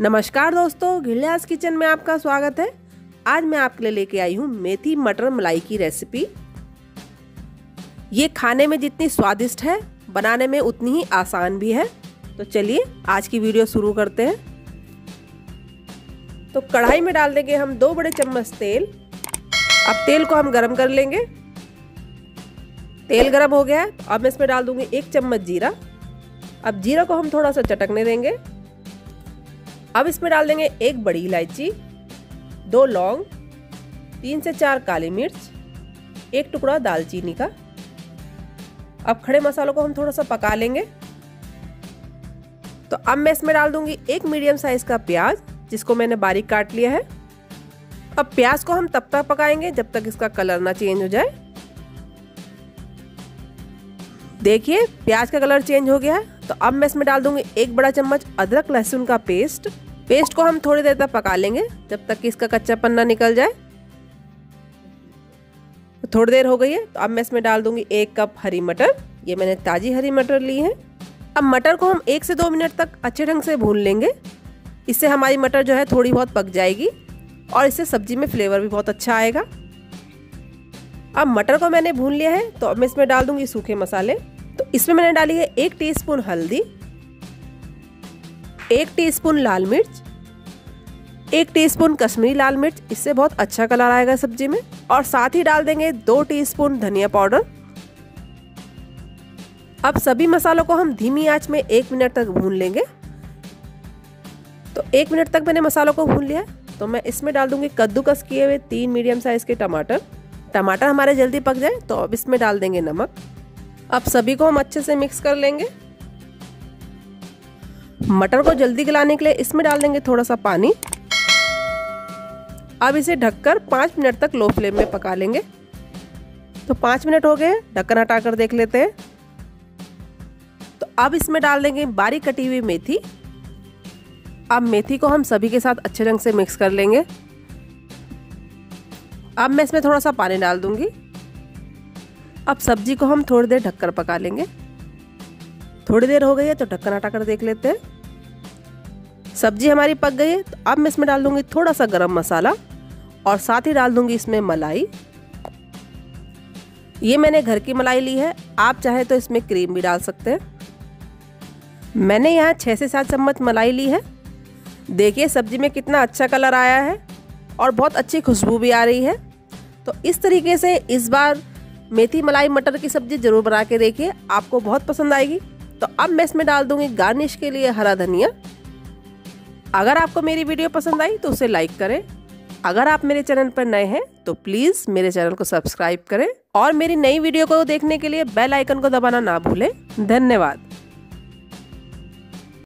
नमस्कार दोस्तों घिल्यास किचन में आपका स्वागत है आज मैं आपके लिए लेके आई हूँ मेथी मटर मलाई की रेसिपी ये खाने में जितनी स्वादिष्ट है बनाने में उतनी ही आसान भी है तो चलिए आज की वीडियो शुरू करते हैं तो कढ़ाई में डाल देंगे हम दो बड़े चम्मच तेल अब तेल को हम गरम कर लेंगे तेल गरम हो गया है अब मैं इसमें डाल दूंगी एक चम्मच जीरा अब जीरा को हम थोड़ा सा चटकने देंगे अब इसमें डाल देंगे एक बड़ी इलायची दो लौंग तीन से चार काली मिर्च एक टुकड़ा दालचीनी का अब खड़े मसालों को हम थोड़ा सा पका लेंगे तो अब मैं इसमें डाल दूंगी एक मीडियम साइज का प्याज जिसको मैंने बारीक काट लिया है अब प्याज को हम तब तक पकाएंगे जब तक इसका कलर ना चेंज हो जाए देखिए प्याज का कलर चेंज हो गया है तो अब मैं इसमें डाल दूंगी एक बड़ा चम्मच अदरक लहसुन का पेस्ट पेस्ट को हम थोड़ी देर तक पका लेंगे जब तक कि इसका कच्चा पन्ना निकल जाए तो थोड़ी देर हो गई है तो अब मैं इसमें डाल दूंगी एक कप हरी मटर ये मैंने ताज़ी हरी मटर ली है अब मटर को हम एक से दो मिनट तक अच्छे ढंग से भून लेंगे इससे हमारी मटर जो है थोड़ी बहुत पक जाएगी और इससे सब्जी में फ्लेवर भी बहुत अच्छा आएगा अब मटर को मैंने भून लिया है तो अब मैं इसमें डाल दूंगी सूखे मसाले तो इसमें मैंने डाली है एक टीस्पून हल्दी एक टीस्पून लाल मिर्च एक टीस्पून कश्मीरी लाल मिर्च इससे बहुत अच्छा कलर आएगा सब्जी में और साथ ही डाल देंगे दो टीस्पून धनिया पाउडर अब सभी मसालों को हम धीमी आंच में एक मिनट तक भून लेंगे तो एक मिनट तक मैंने मसालों को भून लिया तो मैं इसमें डाल दूंगी कद्दूकस किए हुए तीन मीडियम साइज के टमाटर टमाटर हमारे जल्दी पक जाए तो अब इसमें डाल देंगे नमक अब सभी को हम अच्छे से मिक्स कर लेंगे मटर को जल्दी गलाने के लिए इसमें डाल देंगे थोड़ा सा पानी अब इसे ढककर पाँच मिनट तक लो फ्लेम में पका लेंगे तो पाँच मिनट हो गए ढक्कन हटाकर देख लेते हैं तो अब इसमें डाल देंगे बारीक कटी हुई मेथी अब मेथी को हम सभी के साथ अच्छे ढंग से मिक्स कर लेंगे अब मैं इसमें थोड़ा सा पानी डाल दूंगी अब सब्जी को हम थोड़ी देर ढककर पका लेंगे थोड़ी देर हो गई है तो ढक्कन हटाकर देख लेते हैं सब्जी हमारी पक गई है तो अब मैं इसमें डाल दूँगी थोड़ा सा गरम मसाला और साथ ही डाल दूँगी इसमें मलाई ये मैंने घर की मलाई ली है आप चाहे तो इसमें क्रीम भी डाल सकते हैं मैंने यहाँ छः से सात चम्मच मलाई ली है देखिए सब्जी में कितना अच्छा कलर आया है और बहुत अच्छी खुशबू भी आ रही है तो इस तरीके से इस बार मेथी मलाई मटर की सब्ज़ी ज़रूर बना के देखिए आपको बहुत पसंद आएगी तो अब मैं इसमें डाल दूँगी गार्निश के लिए हरा धनिया अगर आपको मेरी वीडियो पसंद आई तो उसे लाइक करें अगर आप मेरे चैनल पर नए हैं तो प्लीज़ मेरे चैनल को सब्सक्राइब करें और मेरी नई वीडियो को देखने के लिए बेल आइकन को दबाना ना भूलें धन्यवाद